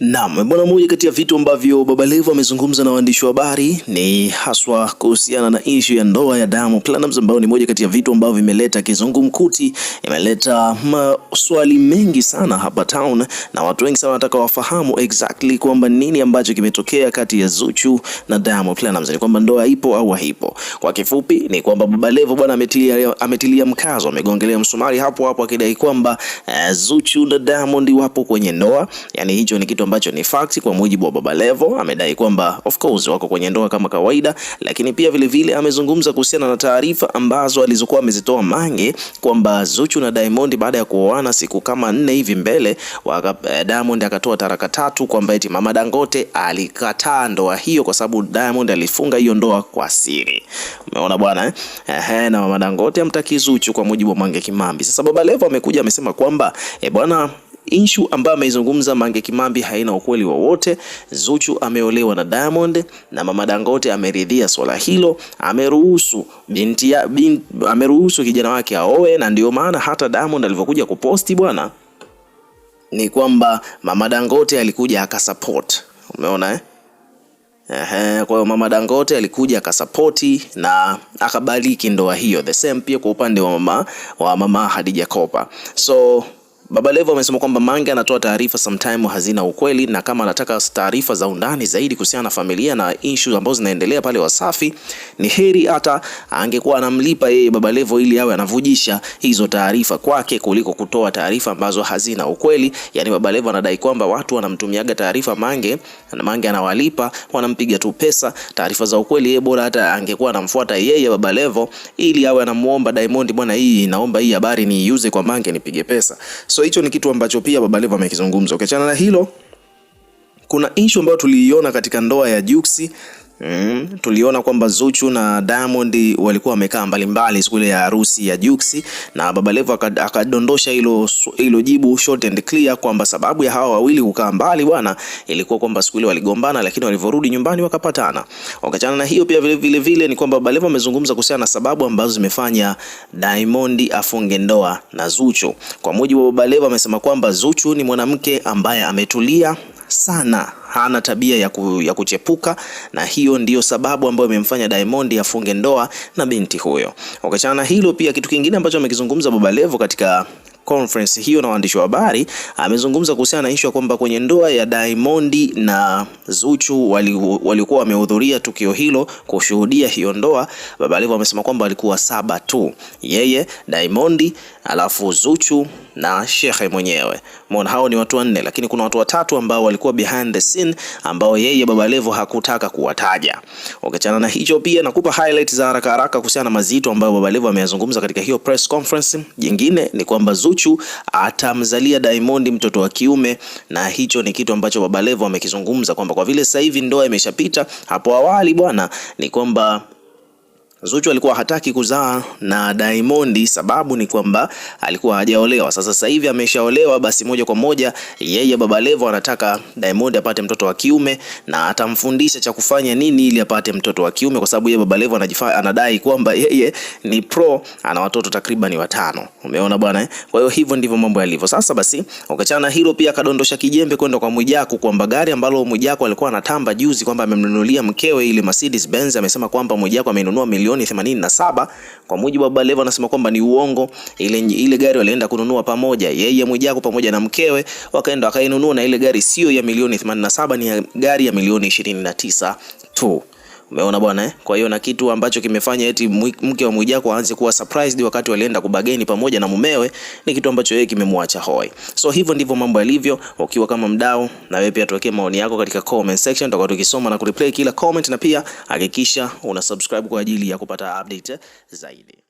Naam, bwana, mmoja kati ya vitu ambavyo Levo amezungumza na waandishi wa habari ni haswa kuhusiana na ishu ya ndoa ya Diamond Platnumz ambayo ni moja kati ya vitu ambavyo vimeleta kizungumkuti, imeleta maswali mengi sana hapa town, na watu wengi sana wanataka wafahamu exactly kwamba nini ambacho kimetokea kati ya Zuchu na Diamond Platnumz, ni kwamba ndoa ipo au haipo. Kwa kifupi ni kwamba Levo bwana ametilia, ametilia mkazo, amegongelea msumari hapo hapo akidai kwamba uh, Zuchu na Diamond wapo kwenye ndoa, yani hicho ni kitu ambacho ni fact. Kwa mujibu wa Baba Levo, amedai kwamba of course wako kwenye ndoa kama kawaida, lakini pia vilevile vile, amezungumza kuhusiana na taarifa ambazo alizokuwa amezitoa Mange kwamba Zuchu na Diamond baada ya kuoana siku kama nne hivi mbele waka, eh, Diamond akatoa taraka tatu kwamba eti mama Dangote alikataa ndoa hiyo kwa sababu Diamond alifunga hiyo ndoa kwa siri. Umeona bwana eh? Ehe, na mama Dangote amtaki Zuchu kwa mujibu wa Mange Kimambi. Sasa Baba Levo amekuja amesema kwamba eh, bwana Inshu ambayo ameizungumza Mange Kimambi haina ukweli wowote. Zuchu ameolewa na Diamond na mama Dangote ameridhia swala hilo, ameruhusu binti ya bin, ameruhusu kijana wake aoe, na ndio maana hata Diamond alivyokuja kuposti bwana, ni kwamba mama Dangote alikuja akasupport, umeona eh? Ehe, kwa hiyo mama Dangote alikuja akasapoti na akabariki ndoa hiyo, the same pia kwa upande wa mama wa mama Hadija Kopa so Baba Levo amesema kwamba Mange anatoa taarifa sometime hazina ukweli, na kama anataka taarifa za undani zaidi kuhusiana na familia na issue ambazo zinaendelea pale Wasafi, ni heri hata angekuwa anamlipa yeye Baba Levo ili awe anavujisha hizo taarifa kwake kuliko kutoa taarifa ambazo hazina ukweli. Yani Baba Levo anadai kwamba watu wanamtumiaga taarifa Mange na Mange anawalipa, wanampiga tu pesa. Taarifa za ukweli yeye bora hata angekuwa anamfuata yeye Baba Levo ili awe anamuomba Diamond, bwana, hii naomba hii habari niiuze kwa Mange nipige pesa. So hicho ni kitu ambacho pia Baba Levo amekizungumza. Ukiachana okay, na hilo kuna issue ambayo tuliiona katika ndoa ya Juksi Mm, tuliona kwamba Zuchu na Diamond walikuwa wamekaa mbalimbali siku ile ya harusi ya Jux na Levo akadondosha hilo hilo jibu short and clear kwamba sababu ya hawa wawili kukaa mbali bwana ilikuwa kwamba siku ile waligombana, lakini walivyorudi nyumbani wakapatana. Wakachana na hiyo pia vile vile, vile ni kwamba Levo amezungumza kuhusiana na sababu ambazo zimefanya Diamond afunge ndoa na Zuchu. Kwa mujibu wa Levo amesema kwamba Zuchu ni mwanamke ambaye ametulia sana hana tabia ya, ku, ya kuchepuka, na hiyo ndiyo sababu ambayo imemfanya Diamond afunge ndoa na binti huyo. Wakachana hilo, pia kitu kingine ambacho amekizungumza Baba Levo katika conference hiyo na waandishi wa habari, amezungumza kuhusiana na issue kwamba kwenye ndoa ya Diamond na Zuchu walikuwa wali wamehudhuria tukio hilo kushuhudia hiyo ndoa. Baba Levo amesema kwamba walikuwa saba tu, yeye Diamond, alafu Zuchu na Shekhe mwenyewe. Mbona hao ni watu wanne, lakini kuna watu watatu ambao walikuwa behind the scene ambao yeye Baba Levo hakutaka kuwataja. Ukiachana na hicho, pia nakupa highlight za haraka haraka kuhusiana na mazito ambayo Baba Levo ameyazungumza katika hiyo press conference. Jingine ni kwamba Zuchu Zuchu atamzalia Diamond mtoto wa kiume, na hicho ni kitu ambacho Baba Levo amekizungumza kwamba kwa vile sasa hivi ndoa imeshapita. Hapo awali bwana ni kwamba Zuchu alikuwa hataki kuzaa na Diamond, sababu ni kwamba alikuwa hajaolewa. Sasa sasa hivi ameshaolewa, basi moja kwa moja yeye Baba Levo anataka Diamond apate mtoto wa kiume na atamfundisha cha kufanya nini ili apate mtoto wa kiume, kwa sababu yeye Baba Levo anadai kwamba yeye ni pro, ana watoto takriban watano. Umeona bwana eh? Kwa hiyo hivyo ndivyo mambo yalivyo sasa. Basi ukachana hilo pia, akadondosha kijembe kwenda kwa Mwijaku kwamba gari ambalo Mwijaku alikuwa anatamba juzi kwamba amemnunulia mkewe ile Mercedes Benz, amesema kwamba Mwijaku amenunua milioni milioni 87 kwa mujibu wa Levo anasema kwamba ni uongo. Ile, ile gari walienda kununua pamoja, yeye Mwijaku pamoja na mkewe wakaenda wakainunua, na ile gari siyo ya milioni 87, ni ya gari ya milioni 29 tu. Umeona bwana eh? Kwa hiyo na kitu ambacho kimefanya eti mke wa Mwijaku aanze kuwa surprised wakati walienda kubageni pamoja na mumewe ni kitu ambacho yeye kimemwacha hoi. So hivyo ndivyo mambo yalivyo. Ukiwa kama mdau, na wewe pia tuwekee maoni yako katika comment section, tutakuwa tukisoma na kureplay kila comment, na pia hakikisha una subscribe kwa ajili ya kupata update zaidi.